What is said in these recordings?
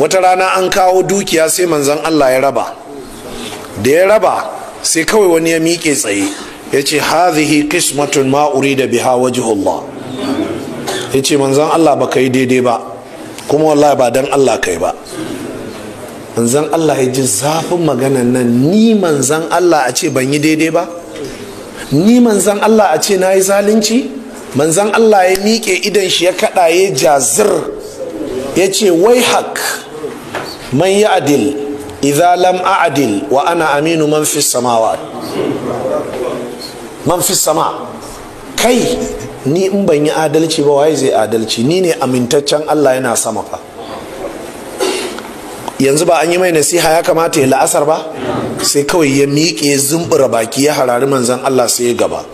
wata rana an kawo dukiya sai manzon Allah ya raba da ya raba sai kawai wani ya miƙe tsaye ya ce hazihi qismatun ma urida biha Allah ya ce manzon Allah ba ka yi daidai ba kuma wallahi ba dan Allah kai ba manzon Allah ya ji zafin maganan nan ni manzon Allah a ce ban yi daidai ba ni manzon Allah a ce na yi zalunci manzon Allah ya miƙe idan shi ya kaɗa ya jazir ya ce wai hak man yi adil idza lam a'dil wa ana aminu man fi samawa man fi sama kai ni in ban yi adalci ba waye zai adalci ni ne amintaccen Allah yana sama fa yanzu ba an yi mai nasiha ya kamata ya la'asar ba sai kawai ya miƙe zumbura baki ya harari manzan Allah sai ya gaba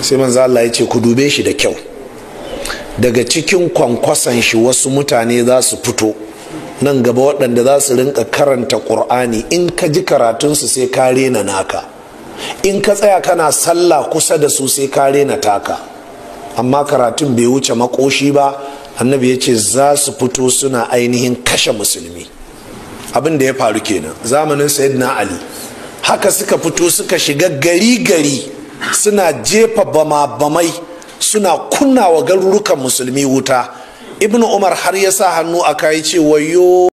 sai manzan Allah ya ce ku dube shi da kyau daga cikin kwankwason shi wasu mutane za su fito nan gaba waɗanda za su rinka karanta ƙur'ani in ka ji karatunsu sai ka rena naka in ka tsaya kana sallah kusa da su sai ka rena taka amma karatun bai wuce makoshi ba annabi ya ce za su fito suna ainihin kashe musulmi abin da ya faru kenan zamanin sayyidina ali haka suka fito suka shiga gari gari suna jefa bama bamai suna kunna wa garurukan musulmi wuta ibnu umar har ya sa hannu a kai ce wayo